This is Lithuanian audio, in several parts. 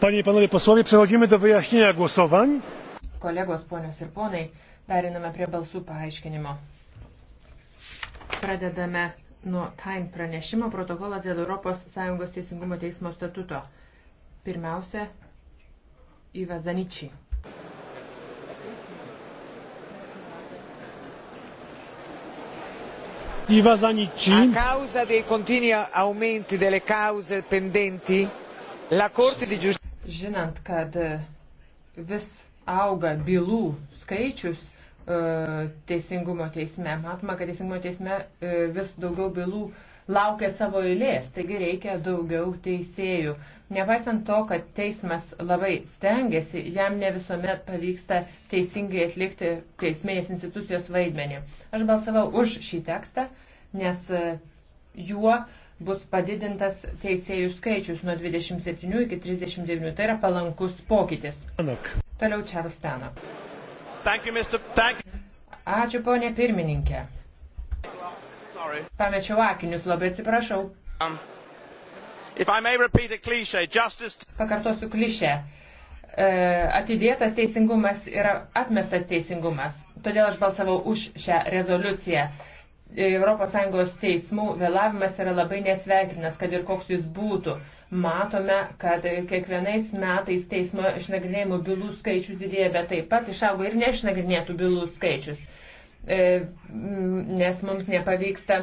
Panie i panowie posłowie, przechodzimy do wyjaśnienia głosowań. Kolegos, ponios ir ponai, periname prie balsų paaiškinimo. Pradedame nuo TAIN pranešimo protokolas dėl ES Teisingumo teismo statuto. Pirmiausia, Ivazaničiai. Iva Zanicci. A causa dei continui aumenti delle cause pendenti, la Corte di giustizia žinant, kad vis auga bylų skaičius e, teisingumo teisme, matoma, kad teisingumo teisme e, vis daugiau bylų laukia savo eilės, taigi reikia daugiau teisėjų. Nepaisant to, kad teismas labai stengiasi, jam ne visuomet pavyksta teisingai atlikti teisminės institucijos vaidmenį. Aš balsavau už šį tekstą, nes e, juo uh, bus padidintas teisėjų skaičius nuo 27 iki 39. Tai yra palankus pokytis. Toliau Čarls Tano. Ačiū, ponė pirmininkė. Pamečiau akinius, labai atsiprašau. Um, cliche, justice... Pakartosiu klišę. E, atidėtas teisingumas yra atmestas teisingumas. Todėl aš balsavau už šią rezoliuciją. ES teismų vėlavimas yra labai nesveikinas, kad ir koks jis būtų. Matome, kad kiekvienais metais teismo išnagrinėjimų bylų skaičius didėja, bet taip pat išaugo ir neišnagrinėtų bylų skaičius, e, nes mums nepavyksta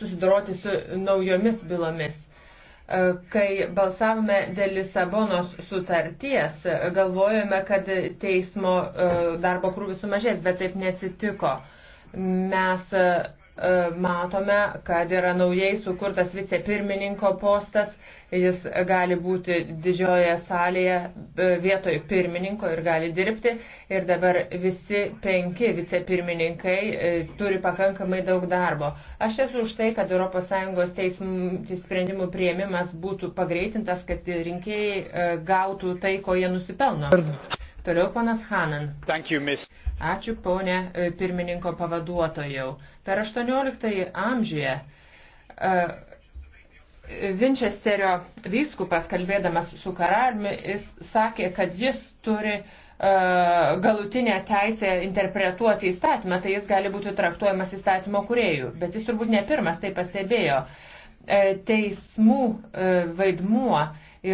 susidoroti su naujomis bylomis. E, kai balsavome dėl Lisabonos sutarties, galvojome, kad teismo e, darbo krūvis sumažės, bet taip neatsitiko. Mes E, matome, kad yra naujai sukurtas vicepirmininko postas, jis gali būti didžiojoje salėje e, vietoj pirmininko ir gali dirbti. Ir dabar visi penki vicepirmininkai e, turi pakankamai daug darbo. Aš esu už tai, kad ES teismų sprendimų prieimimas būtų pagreitintas, kad rinkėjai gautų tai, ko jie nusipelno. Toliau ponas Hanan. You, Ačiū, ponė e, pirmininko pavaduotojau. Per 18 amžiuje uh, e, Vinčesterio vyskupas, kalbėdamas su karaliumi, jis sakė, kad jis turi uh, galutinę teisę interpretuoti įstatymą, tai jis gali būti traktuojamas įstatymo kuriejų. Bet jis turbūt ne pirmas tai pastebėjo. Uh, teismų vaidmuo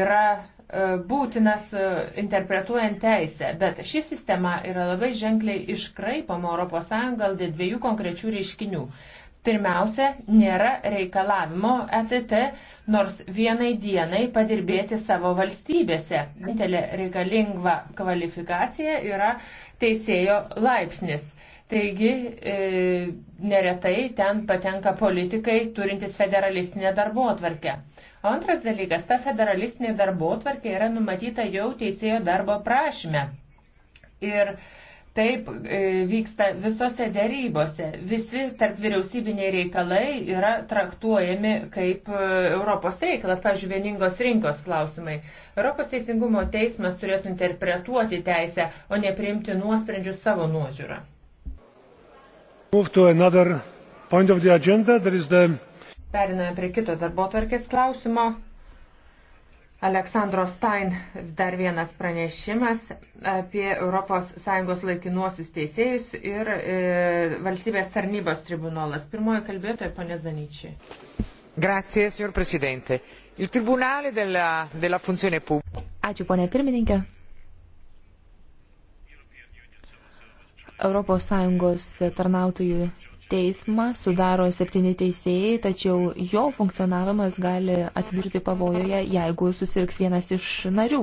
yra E, būtinas e, interpretuojant teisę, bet ši sistema yra labai ženkliai iškraipama ES dėl dviejų konkrečių reiškinių. Pirmiausia, nėra reikalavimo ETT nors vienai dienai padirbėti savo valstybėse. Vienintelė reikalingva kvalifikacija yra teisėjo laipsnis. Taigi e, neretai ten patenka politikai turintys federalistinę darbo atvarkę. O antras dalykas, ta federalistinė darbo atvarkė yra numatyta jau teisėjo darbo prašyme. Ir taip e, vyksta visose dėrybose. Visi tarp vyriausybiniai reikalai yra traktuojami kaip e, Europos reikalas, pavyzdžiui, vieningos rinkos klausimai. Europos teisingumo teismas turėtų interpretuoti teisę, o ne priimti nuosprendžius savo nuožiūrą. The... Periname prie kito darbo tvarkės klausimo. Aleksandro Stein dar vienas pranešimas apie ES laikinuosius teisėjus ir e, valstybės tarnybos tribunolas. Pirmoji kalbėtoja, ponė Zanyčiai. Grazie, signor Presidente. Il Tribunale della, della Funzione Pubblica. Ačiū, ponė pirmininkė. ES tarnautojų teismą sudaro septyni teisėjai, tačiau jo funkcionavimas gali atsidurti pavojoje, jeigu susirgs vienas iš narių.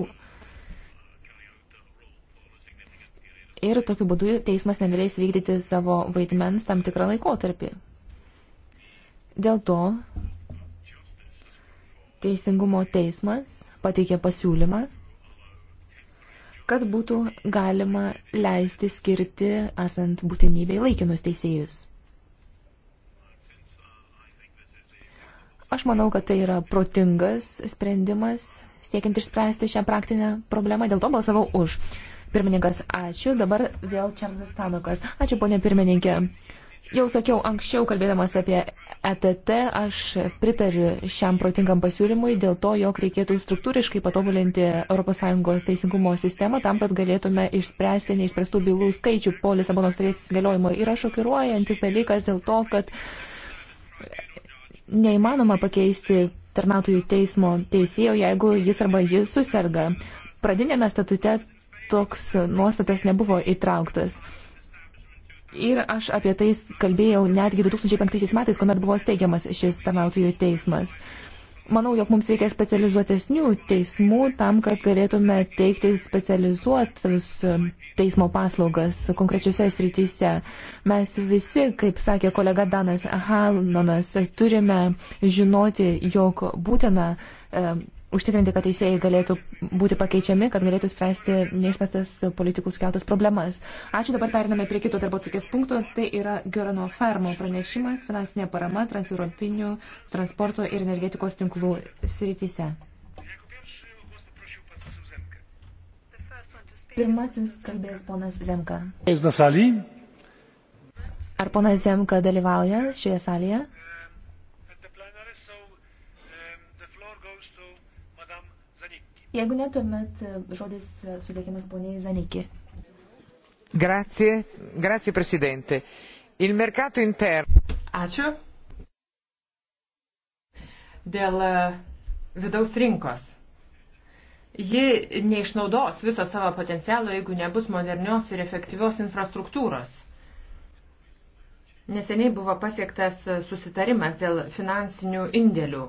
Ir tokiu būdu teismas negalės vykdyti savo vaidmens tam tikrą laikotarpį. Dėl to Teisingumo teismas pateikė pasiūlymą kad būtų galima leisti skirti, esant būtinybei, laikinus teisėjus. Aš manau, kad tai yra protingas sprendimas, siekiant išspręsti šią praktinę problemą, dėl to balsavau už. Pirmininkas, ačiū. Dabar vėl Čarlzas Tanukas. Ačiū, ponė pirmininkė. Jau sakiau anksčiau, kalbėdamas apie ETT, aš pritariu šiam protingam pasiūlymui dėl to, jog reikėtų struktūriškai patobulinti ES teisingumo sistemą tam, kad galėtume išspręsti neišspręstų bylų skaičių po Lisabonos turės įsigaliojimo. Yra šokiruojantis dalykas dėl to, kad neįmanoma pakeisti tarnautojų teismo teisėjo, jeigu jis arba ji susirga. Pradinėme statute toks nuostatas nebuvo įtrauktas. Ir aš apie tai kalbėjau netgi 2005 metais, kuomet buvo steigiamas šis tarnautojų teismas. Manau, jog mums reikia specializuotesnių teismų tam, kad galėtume teikti specializuotus um, teismo paslaugas konkrečiose srityse. Mes visi, kaip sakė kolega Danas Halonas, turime žinoti, jog būtina um, užtikrinti, kad teisėjai galėtų būti pakeičiami, kad galėtų spręsti neišmestas politikų sukeltas problemas. Ačiū, dabar periname prie kito darbo tokies punktų. Tai yra Gerano Fermo pranešimas, finansinė parama transeuropinių transporto ir energetikos tinklų srityse. Pirmasis kalbės ponas Zemka. Ar ponas Zemka dalyvauja šioje salėje? Jeigu ne, tuomet e, žodis e, sudėkimas poniai Zanikį. Grazie, grazie Presidente. Il mercato interno. Ačiū. Dėl e, vidaus rinkos ji neišnaudos viso savo potencialo, jeigu nebus modernios ir efektyvios infrastruktūros. Neseniai buvo pasiektas susitarimas dėl finansinių indėlių.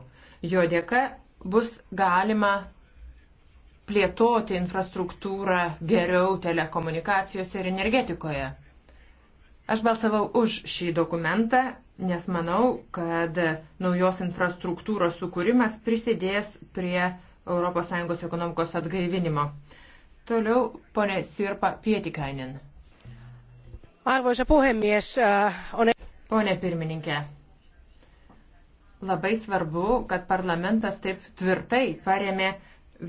Jo dėka bus galima plėtoti infrastruktūrą geriau telekomunikacijose ir energetikoje. Aš balsavau už šį dokumentą, nes manau, kad naujos infrastruktūros sukūrimas prisidės prie ES ekonomikos atgaivinimo. Toliau ponė Sirpa Pietikainin. Arvoisa puhemies, äh, on... Pone pirmininkė, labai svarbu, kad parlamentas taip tvirtai paremė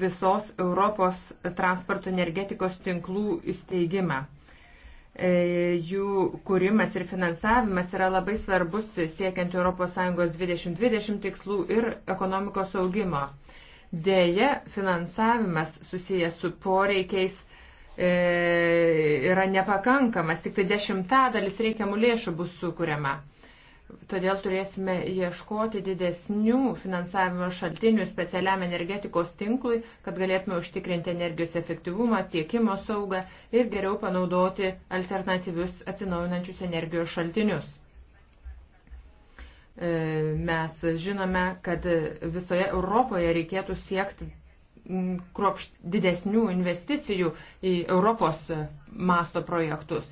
visos Europos transporto energetikos tinklų įsteigimą. E, jų kūrimas ir finansavimas yra labai svarbus siekiant ES 2020 tikslų ir ekonomikos augimo. Deja, finansavimas susijęs su poreikiais e, yra nepakankamas, tik tai dešimtadalis reikiamų lėšų bus sukūriama. Todėl turėsime ieškoti didesnių finansavimo šaltinių specialiam energetikos tinklui, kad galėtume užtikrinti energijos efektyvumą, tiekimo saugą ir geriau panaudoti alternatyvius atsinaujinančius energijos šaltinius. E, mes žinome, kad visoje Europoje reikėtų siekti kropšt didesnių investicijų į Europos masto projektus.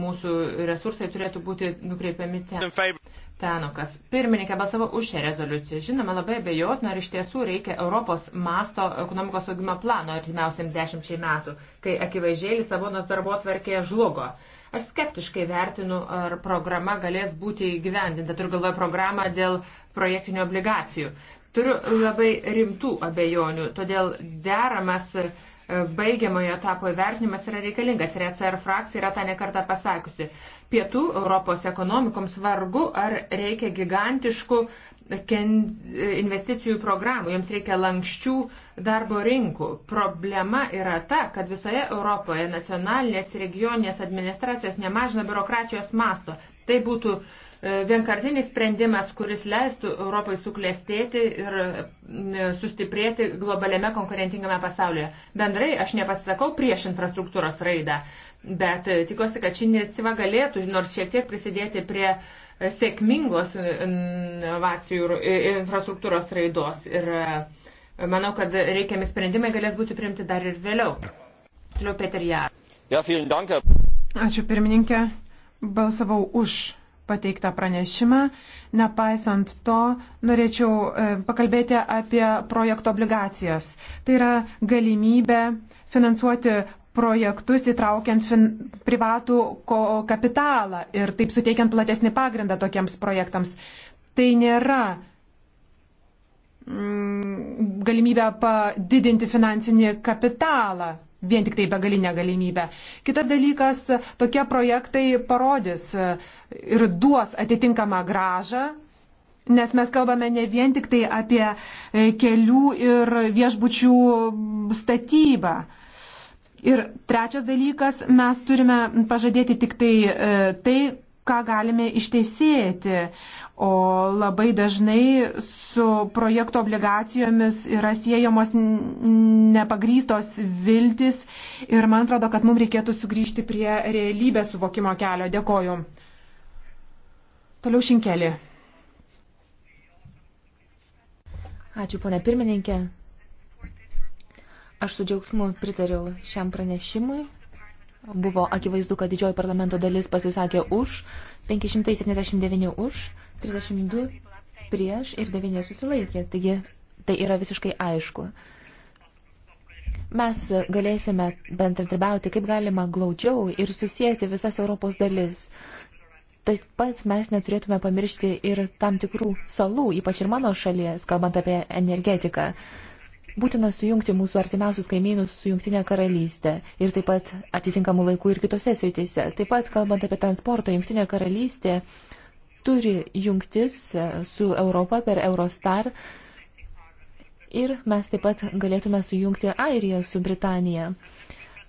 Mūsų resursai turėtų būti nukreipiami ten. Tenokas. Pirmininkė balsavo už šią rezoliuciją. Žinoma, labai bejotina, ar iš tiesų reikia Europos masto ekonomikos augimo plano artimiausiam dešimčiai metų, kai akivaizdžiai Lisabonos darbo tvarkėje žlugo. Aš skeptiškai vertinu, ar programa galės būti įgyvendinta. Turiu galvoje programą dėl projektinių obligacijų. Turiu labai rimtų abejonių, todėl deramas uh, E, baigiamojo etapo įvertinimas yra reikalingas ir ECR frakcija yra tą nekartą pasakiusi. Pietų Europos ekonomikoms vargu ar reikia gigantiškų investicijų programų, jiems reikia lankščių darbo rinkų. Problema yra ta, kad visoje Europoje nacionalinės regioninės administracijos nemažina biurokratijos masto. Tai būtų e, vienkartinis sprendimas, kuris leistų Europai suklestėti ir e, sustiprėti globaliame konkurentingame pasaulyje. Bendrai aš nepasisakau prieš infrastruktūros raidą, bet e, tikiuosi, kad ši iniciatyva galėtų nors šiek tiek prisidėti prie uh, sėkmingos e, inovacijų e, infrastruktūros raidos. Ir e, manau, kad reikiami sprendimai galės būti priimti dar ir vėliau. Toliau Peter Jar. Ja, Ačiū pirmininkė. Balsavau už pateiktą pranešimą. Nepaisant to, norėčiau pakalbėti apie projekto obligacijas. Tai yra galimybė finansuoti projektus įtraukiant fin, privatų ko, kapitalą ir taip suteikiant platesnį pagrindą tokiems projektams. Tai nėra mm, galimybė padidinti finansinį kapitalą, vien tik tai begalinė galimybė. Kitas dalykas, tokie projektai parodys ir duos atitinkamą gražą. Nes mes kalbame ne vien tik tai apie e, kelių ir viešbučių statybą. Ir trečias dalykas, mes turime pažadėti tik tai e, tai, ką galime išteisėti. O labai dažnai su projekto obligacijomis yra siejamos nepagrystos viltis ir man atrodo, kad mums reikėtų sugrįžti prie realybės suvokimo kelio. Dėkoju. Toliau šinkelį. Ačiū, ponė pirmininkė. Aš su džiaugsmu pritariau šiam pranešimui. Buvo akivaizdu, kad didžioji parlamento dalis pasisakė už, 579 už, 32 prieš ir 9 susilaikė. Taigi tai yra visiškai aišku. Mes galėsime bendradarbiauti kaip galima glaudžiau ir susijęti visas Europos dalis. Taip pat mes neturėtume pamiršti ir tam tikrų salų, ypač ir mano šalies, kalbant apie energetiką. Būtina sujungti mūsų artimiausius kaimynus su Junktinė karalystė ir taip pat atitinkamų laikų ir kitose srityse. Taip pat, kalbant apie transportą, Junktinė karalystė turi jungtis e, su Europa per Eurostar ir mes taip pat galėtume sujungti Airiją su Britanija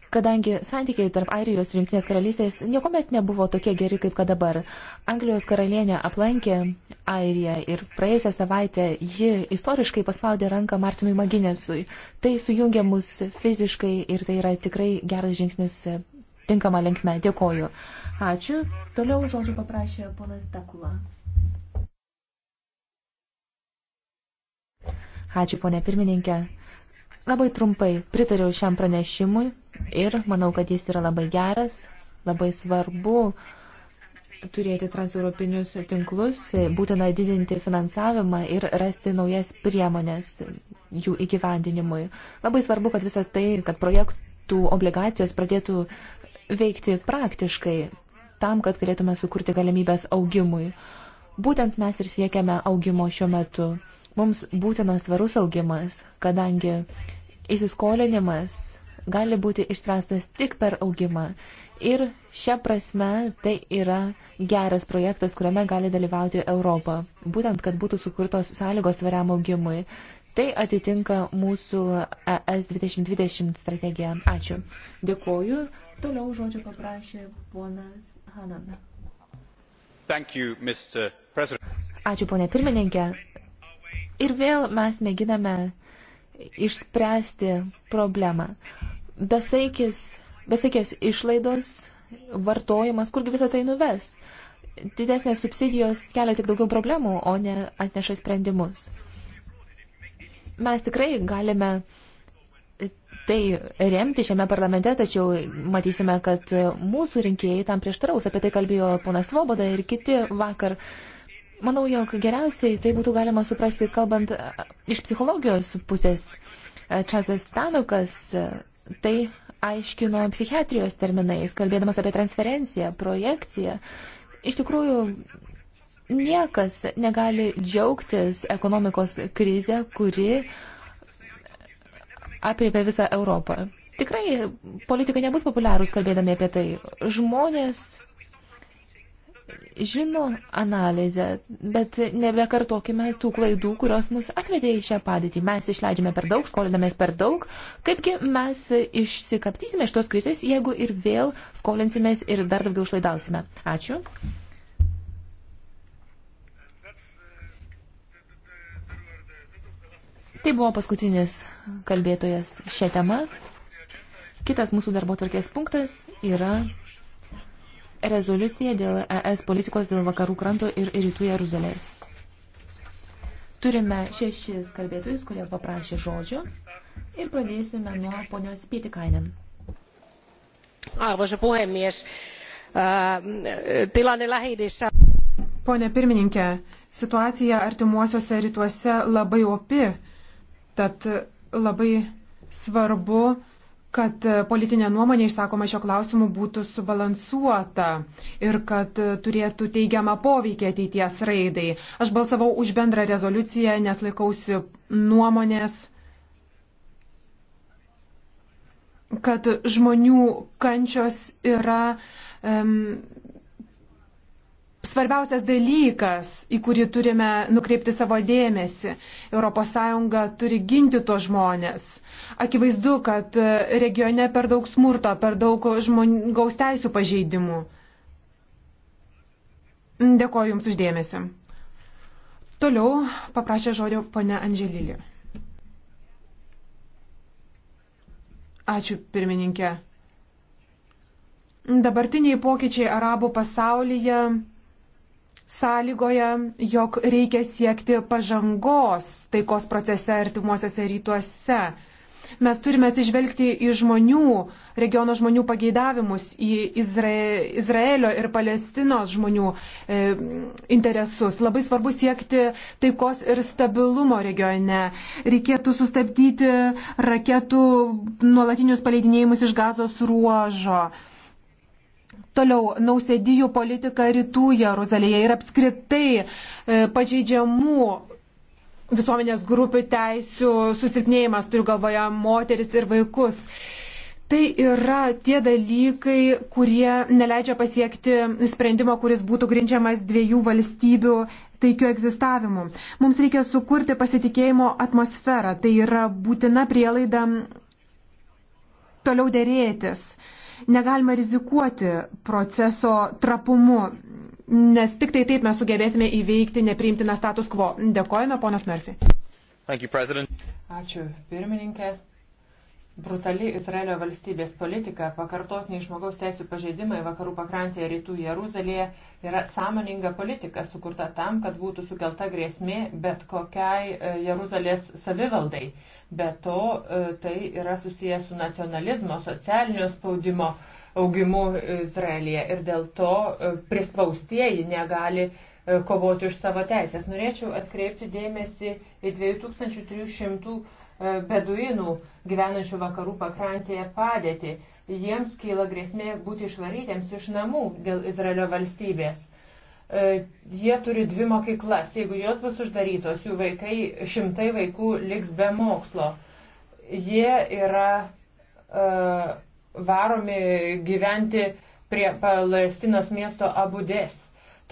kadangi santykiai tarp Airijos ir Junktinės karalystės niekuomet nebuvo tokie geri kaip kad dabar. Anglijos karalienė aplankė Airiją ir praėjusią savaitę ji istoriškai paspaudė ranką Martinui Maginesui. Tai sujungia mus fiziškai ir tai yra tikrai geras žingsnis tinkama linkme. Dėkoju. Ačiū. Toliau žodžių paprašė ponas Takula. Ačiū, ponė pirmininkė. Labai trumpai pritariau šiam pranešimui, Ir manau, kad jis yra labai geras, labai svarbu turėti transeuropinius tinklus, būtina didinti finansavimą ir rasti naujas priemonės jų įgyvendinimui. Labai svarbu, kad visa tai, kad projektų obligacijos pradėtų veikti praktiškai tam, kad galėtume sukurti galimybės augimui. Būtent mes ir siekiame augimo šiuo metu. Mums būtinas tvarus augimas, kadangi įsiskolinimas gali būti išspręstas tik per augimą. Ir šia prasme tai yra geras projektas, kuriame gali dalyvauti Europa. Būtent, kad būtų sukurtos sąlygos tvariam augimui. Tai atitinka mūsų ES 2020 strategiją. Ačiū. Dėkuoju. Toliau žodžio paprašė ponas Hanana. You, Ačiū, ponė pirmininkė. Ir vėl mes mėginame išspręsti problemą besaikis, besaikės išlaidos, vartojimas, kurgi visą tai nuves. Didesnės subsidijos kelia tik daugiau problemų, o ne atneša sprendimus. Mes tikrai galime tai remti šiame parlamente, tačiau matysime, kad mūsų rinkėjai tam prieštaraus. Apie tai kalbėjo ponas Svoboda ir kiti vakar. Manau, jog geriausiai tai būtų galima suprasti, kalbant iš psichologijos pusės. Čazas Tanukas tai aiškino psichiatrijos terminais, kalbėdamas apie transferenciją, projekciją. Iš tikrųjų, niekas negali džiaugtis ekonomikos krize, kuri apriepia visą Europą. Tikrai politikai nebus populiarūs kalbėdami apie tai. Žmonės žino analizę, bet nebekartokime tų klaidų, kurios mus atvedė į šią padėtį. Mes išleidžiame per daug, skolinamės per daug, kaipgi mes išsikaptysime iš tos krizės, jeigu ir vėl skolinsimės ir dar daugiau išlaidausime. Ačiū. Tai buvo paskutinis kalbėtojas šią temą. Kitas mūsų darbo tvarkės punktas yra rezoliuciją dėl ES politikos dėl vakarų kranto ir rytų Jeruzalės. Turime šešis kalbėtojus, kurie paprašė žodžio ir pradėsime nuo ponios Pietikainen. Arvoisa puhemies, tilanne lähidissä. Pone pirmininkė, situacija artimuosiuose rytuose labai opi, tad labai svarbu kad e, politinė nuomonė išsakoma šio klausimu būtų subalansuota ir kad e, turėtų teigiamą poveikį ateities raidai. Aš balsavau už bendrą rezoliuciją, nes laikausi nuomonės, kad žmonių kančios yra um, svarbiausias dalykas, į kurį turime nukreipti savo dėmesį. ES turi ginti tuos žmonės. Akivaizdu, kad regione per daug smurto, per daug žmogaus teisų pažeidimų. Dėkoju Jums uždėmesi. Toliau paprašė žodžio ponia Andželilį. Ačiū, pirmininkė. Dabartiniai pokyčiai arabų pasaulyje sąlygoja, jog reikia siekti pažangos taikos procese artimuosiuose rytuose. Mes turime atsižvelgti į žmonių, regiono žmonių pageidavimus, į Izra Izraelio ir Palestinos žmonių e, interesus. Labai svarbu siekti taikos ir stabilumo regione. Reikėtų sustabdyti raketų nuolatinius paleidinėjimus iš gazos ruožo. E, Toliau nausėdijų politika rytų Jeruzalėje ir apskritai e, pažeidžiamų visuomenės grupių teisių susilpnėjimas, turiu galvoje moteris ir vaikus. Tai yra tie dalykai, kurie neleidžia pasiekti sprendimo, kuris būtų grindžiamas dviejų valstybių taikių egzistavimu. Mums reikia sukurti pasitikėjimo atmosferą, tai yra būtina prielaida toliau dėrėtis. Uh, Negalima rizikuoti proceso trapumu, nes tik tai taip mes sugebėsime įveikti nepriimtiną status quo. Dėkojame, ponas Murphy. You, Ačiū, pirmininkė. Brutali Izraelio valstybės politika, pakartotiniai žmogaus teisų pažeidimai vakarų pakrantėje rytų Jeruzalėje yra sąmoninga politika sukurta tam, kad būtų sukelta grėsmė bet kokiai e, Jeruzalės savivaldai. Be to, e, tai yra susijęs su nacionalizmo, socialinio spaudimo augimu Izraelėje ir dėl to e, prispaustieji negali kovoti už savo teisės. Norėčiau atkreipti dėmesį į 2300 E, beduinų gyvenančių vakarų pakrantėje padėtį. Jiems kyla grėsmė būti išvarytiems iš namų dėl Izraelio valstybės. E, jie turi dvi mokyklas. Jeigu jos bus uždarytos, jų vaikai, šimtai vaikų liks be mokslo. Jie yra uh, varomi gyventi prie Palestinos miesto Abudės.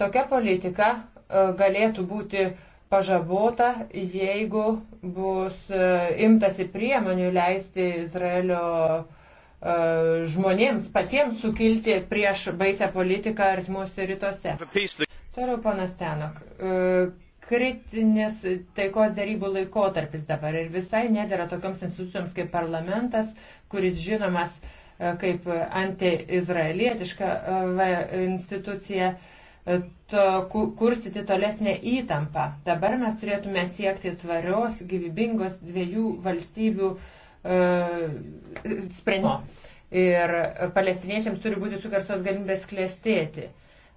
Tokia politika uh, galėtų būti uh, pažabota, jeigu bus e, imtasi priemonių leisti Izraelio e, žmonėms patiems sukilti prieš baisę politiką artimuose rytuose. Toliau, ponas Tenok, e, kritinis taikos darybų laikotarpis dabar ir visai nedėra tokioms institucijoms kaip parlamentas, kuris žinomas kaip antiizraelietiška institucija. Uh, kursyti tolesnę įtampą. Dabar mes turėtume siekti tvarios, gyvybingos dviejų valstybių e, sprendimo. Ir palestiniečiams turi būti sukarsos galimybės klėstėti.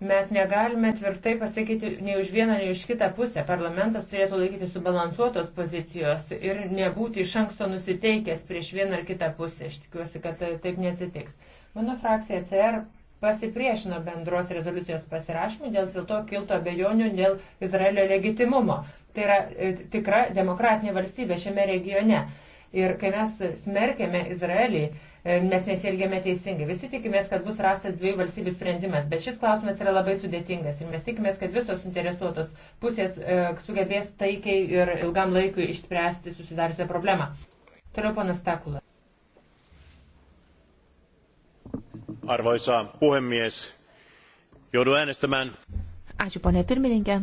Mes negalime tvirtai pasakyti nei už vieną, nei už kitą pusę. Parlamentas turėtų laikyti subalansuotos pozicijos ir nebūti iš anksto nusiteikęs prieš vieną ar kitą pusę. Aš tikiuosi, kad taip neatsitiks. Mano frakcija CR pasipriešino bendros rezoliucijos pasirašymui, dėl to kiltų abejonių dėl Izraelio legitimumo. Tai yra e, tikra demokratinė valstybė šiame regione. Ir kai mes smerkėme Izraelį, e, mes nesielgėme teisingai. Visi tikimės, kad bus rastas dviejų valstybių sprendimas, bet šis klausimas yra labai sudėtingas ir mes tikimės, kad visos interesuotos pusės e, sugebės taikiai ir ilgam laikui išspręsti susidariusią problemą. Toliau panas Takulas. Arvoisa puhemies, joudun äänestämään. Ačiū, ponė pirmininkė.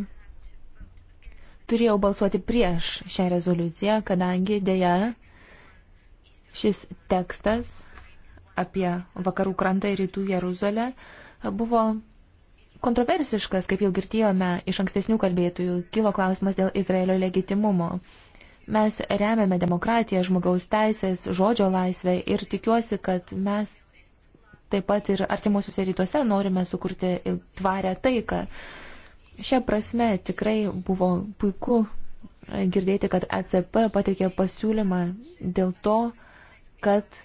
Turėjau balsuoti prieš šią rezoliuciją, kadangi dėja šis tekstas apie vakarų krantą ir rytų Jeruzalę buvo kontroversiškas, kaip jau girdėjome iš ankstesnių kalbėtojų, kilo klausimas dėl Izraelio legitimumo. Mes remiame demokratiją, žmogaus teisės, žodžio laisvę ir tikiuosi, kad mes taip pat ir artimuosiuose rytuose norime sukurti tvarę taiką. Šią prasme tikrai buvo puiku e, girdėti, kad ECP pateikė pasiūlymą dėl to, kad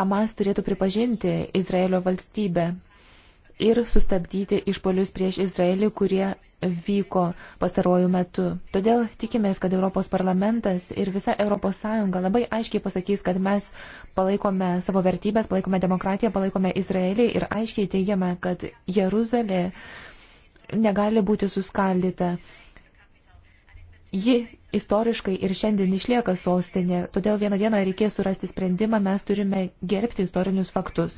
Hamas turėtų pripažinti Izraelio valstybę ir sustabdyti išpolius prieš Izraelį, kurie vyko pastarojų metų. Todėl tikimės, kad Europos parlamentas ir visa ES labai aiškiai pasakys, kad mes palaikome savo vertybės, palaikome demokratiją, palaikome Izraelį ir aiškiai teigiame, kad Jeruzalė negali būti suskaldyta. Ji istoriškai ir šiandien išlieka sostinė, todėl vieną dieną reikės surasti sprendimą, mes turime gerbti istorinius faktus.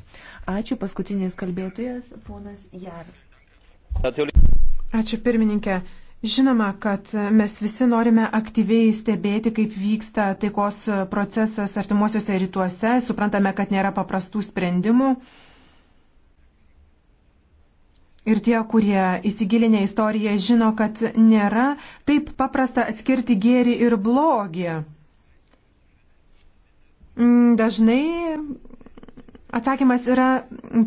Ačiū, paskutinis kalbėtojas, ponas Jar. Ačiū pirmininkė. Žinoma, kad mes visi norime aktyviai stebėti, kaip vyksta taikos procesas artimuosiuose rytuose, suprantame, kad nėra paprastų sprendimų. Ir tie, kurie įsigilinę istoriją, žino, kad nėra taip paprasta atskirti gėrį ir blogį. Mm, dažnai atsakymas yra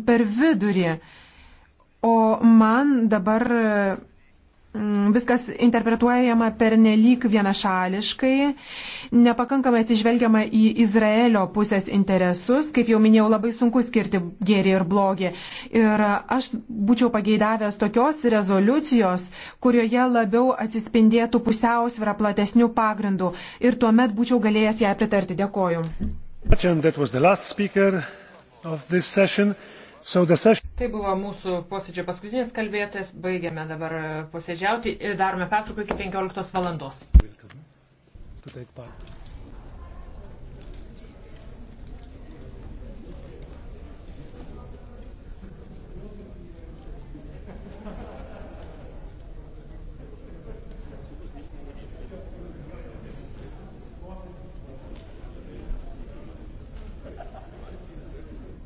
per vidurį. O man dabar Mm, viskas interpretuojama pernelyg vienašališkai, nepakankamai atsižvelgiama į Izraelio pusės interesus. Kaip jau minėjau, labai sunku skirti gėrį ir blogį. Ir aš būčiau pageidavęs tokios rezoliucijos, kurioje labiau atsispindėtų pusiausvėra platesnių pagrindų. Ir tuomet būčiau galėjęs ją pritarti. Dėkoju. Tai buvo mūsų posėdžio paskutinis kalbėtojas. Baigiame dabar posėdžiauti ir darome pertrauką iki 15 valandos.